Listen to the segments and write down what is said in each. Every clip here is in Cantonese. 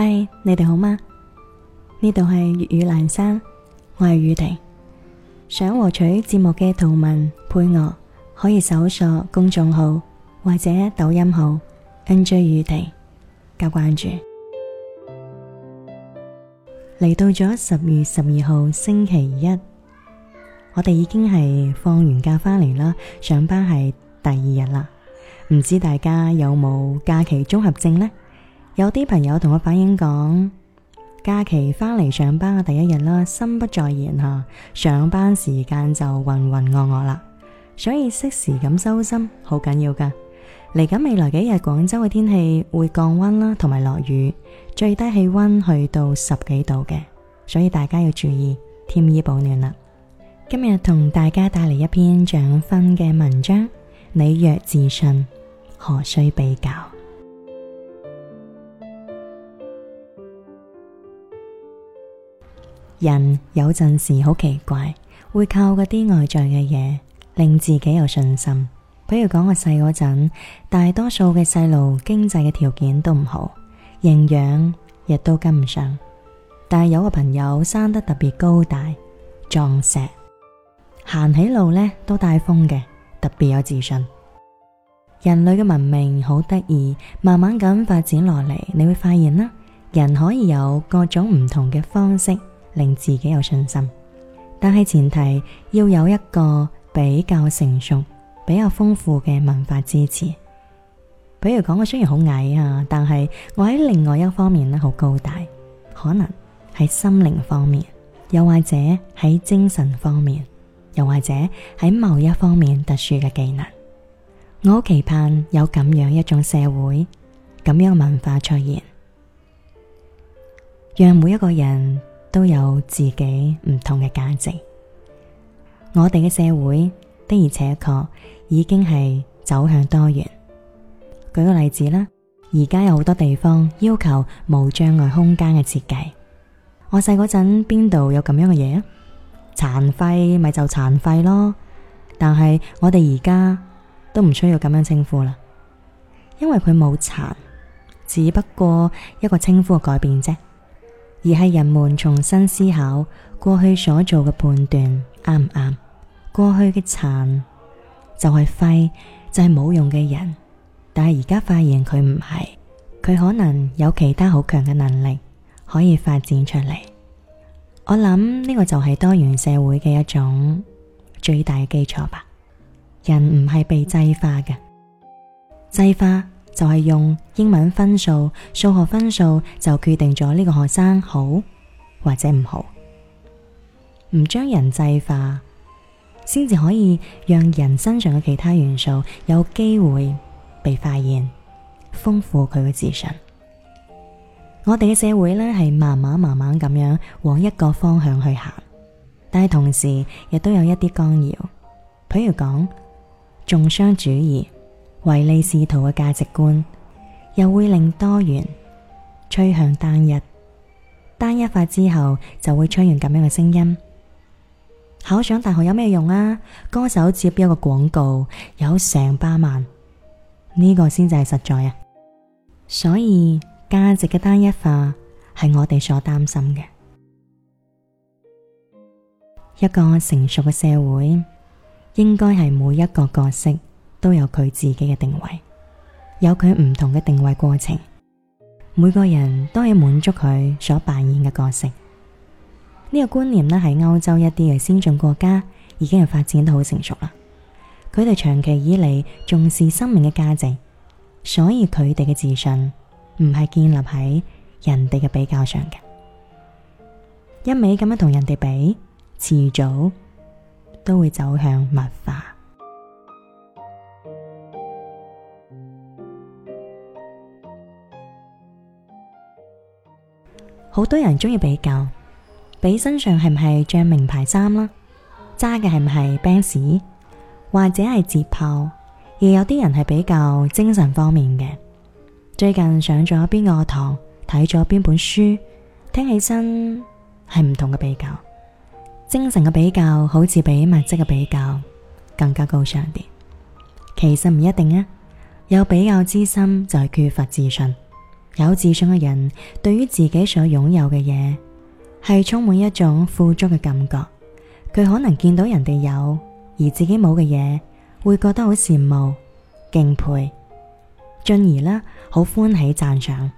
嗨，Hi, 你哋好嗎？呢度係粵語闌珊，我係宇婷。想獲取節目嘅圖文配樂，可以搜索公眾號或者抖音號 NJ 宇婷加關注。嚟到咗十月十二號星期一，我哋已經係放完假翻嚟啦，上班係第二日啦。唔知大家有冇假期綜合症呢？有啲朋友同我反映講，假期返嚟上班嘅第一日啦，心不在焉吓，上班時間就渾渾噩噩啦，所以適時咁收心好緊要噶。嚟緊未來幾日，廣州嘅天氣會降溫啦，同埋落雨，最低氣溫去到十幾度嘅，所以大家要注意添衣保暖啦。今日同大家帶嚟一篇蔣勳嘅文章，你若自信，何須比較？人有陣時好奇怪，會靠嗰啲外在嘅嘢，令自己有信心。比如講我細嗰陣，大多數嘅細路經濟嘅條件都唔好，營養亦都跟唔上。但係有個朋友生得特別高大壯碩，行起路呢都帶風嘅，特別有自信。人類嘅文明好得意，慢慢咁發展落嚟，你會發現啦，人可以有各種唔同嘅方式。令自己有信心，但係前提要有一個比較成熟、比較豐富嘅文化支持。比如講，我雖然好矮啊，但係我喺另外一方面咧好高大，可能喺心靈方面，又或者喺精神方面，又或者喺某一方面特殊嘅技能。我好期盼有咁樣一種社會、咁樣文化出現，讓每一個人，都有自己唔同嘅價值。我哋嘅社會的而且確已經係走向多元。舉個例子啦，而家有好多地方要求無障礙空間嘅設計。我細嗰陣邊度有咁樣嘅嘢啊？殘廢咪就殘廢咯。但係我哋而家都唔需要咁樣稱呼啦，因為佢冇殘，只不過一個稱呼嘅改變啫。而係人們重新思考，過去所做嘅判斷啱唔啱？過去嘅殘就係廢，就係冇用嘅人。但係而家發現佢唔係，佢可能有其他好強嘅能力可以發展出嚟。我諗呢個就係多元社會嘅一種最大基礎吧。人唔係被制化嘅，制化，就係用英文分數、數學分數就決定咗呢個學生好或者唔好。唔將人制化，先至可以讓人身上嘅其他元素有機會被發現，豐富佢嘅自信。我哋嘅社會呢係慢慢慢慢咁樣往一個方向去行，但係同時亦都有一啲干擾，譬如講重商主義。唯利是圖嘅價值觀，又會令多元趨向單一，單一化之後就會出現咁樣嘅聲音。考上大學有咩用啊？歌手接一個廣告有成百萬，呢個先至係實在啊！所以價值嘅單一化係我哋所擔心嘅。一個成熟嘅社會，應該係每一個角色。都有佢自己嘅定位，有佢唔同嘅定位過程。每個人都要滿足佢所扮演嘅角色。呢、這個觀念咧喺歐洲一啲嘅先進國家已經係發展得好成熟啦。佢哋長期以嚟重視生命嘅價值，所以佢哋嘅自信唔係建立喺人哋嘅比較上嘅。一味咁樣同人哋比，遲早都會走向物化。好多人鍾意比較，比身上係唔係着名牌衫啦，揸嘅係唔係 Benz，或者係捷豹。而有啲人係比較精神方面嘅，最近上咗邊個堂，睇咗邊本書，聽起身係唔同嘅比較，精神嘅比較好似比物質嘅比較更加高尚啲，其實唔一定啊，有比較之心就係缺乏自信。有自信嘅人，對於自己所擁有嘅嘢，係充滿一種富足嘅感覺。佢可能見到人哋有而自己冇嘅嘢，會覺得好羨慕、敬佩，進而呢，好歡喜讚賞。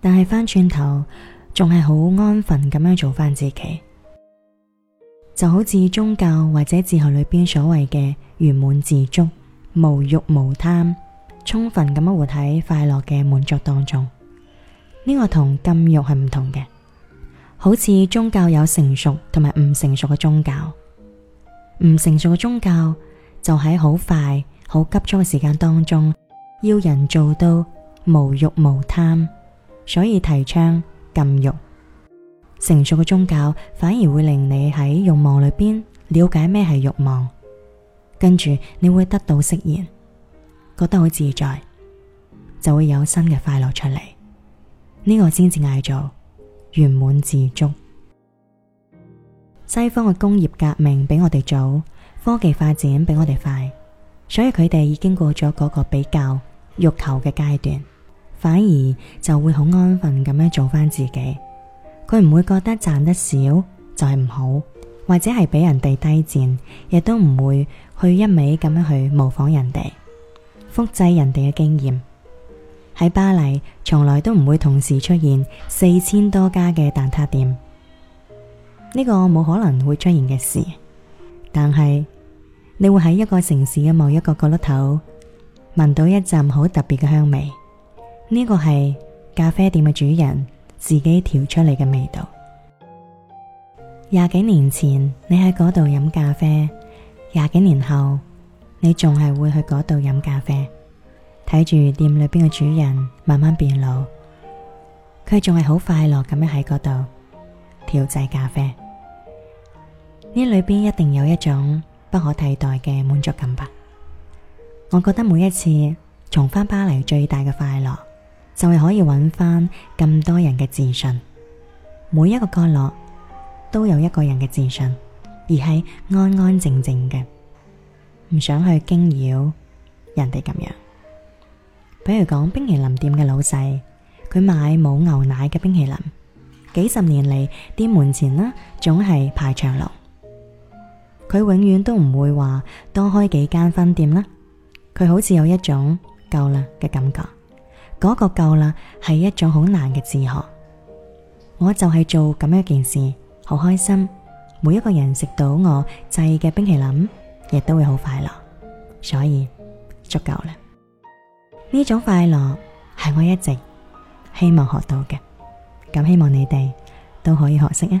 但係翻轉頭，仲係好安分咁樣做翻自己，就好似宗教或者哲學裏邊所謂嘅圓滿自足、無欲無貪。充分咁樣活喺快樂嘅滿足當中，呢、這個同禁欲係唔同嘅。好似宗教有成熟同埋唔成熟嘅宗教，唔成熟嘅宗教就喺好快、好急促嘅時間當中，要人做到無欲無貪，所以提倡禁欲。成熟嘅宗教反而會令你喺欲望裏邊了解咩係欲望，跟住你會得到釋然。覺得好自在，就會有新嘅快樂出嚟。呢個先至嗌做圓滿自足。西方嘅工業革命比我哋早，科技發展比我哋快，所以佢哋已經過咗嗰個比較欲求嘅階段，反而就會好安分咁樣做翻自己。佢唔會覺得賺得少就係唔好，或者係俾人哋低賤，亦都唔會去一味咁樣去模仿人哋。複製人哋嘅經驗，喺巴黎從來都唔會同時出現四千多家嘅蛋撻店，呢個冇可能會出現嘅事。但係你會喺一個城市嘅某一個角落頭聞到一陣好特別嘅香味，呢個係咖啡店嘅主人自己調出嚟嘅味道。廿幾年前你喺嗰度飲咖啡，廿幾年後。你仲係會去嗰度飲咖啡，睇住店裏邊嘅主人慢慢變老，佢仲係好快樂咁樣喺嗰度調製咖啡。呢裏邊一定有一種不可替代嘅滿足感吧？我覺得每一次重返巴黎最大嘅快樂，就係可以揾翻咁多人嘅自信。每一個角落都有一個人嘅自信，而係安安靜靜嘅。唔想去驚擾人哋咁樣，比如講冰淇淋店嘅老細，佢買冇牛奶嘅冰淇淋，幾十年嚟店門前啦，總係排長龍。佢永遠都唔會話多開幾間分店啦，佢好似有一種夠啦嘅感覺。嗰個夠啦係一種好難嘅自學。我就係做咁樣件事，好開心，每一個人食到我製嘅冰淇淋。亦都會好快樂，所以足夠啦。呢種快樂係我一直希望學到嘅，咁希望你哋都可以學識啊！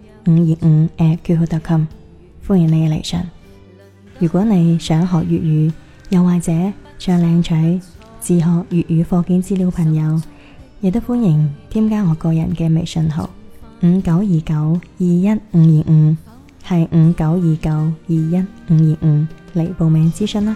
五二五，@QQ.com，歡迎你嘅嚟信。如果你想學粵語，又或者想領取自學粵語課件資料，朋友亦都歡迎添加我個人嘅微信號五九二九二一五二五，係五九二九二一五二五嚟報名諮詢啦。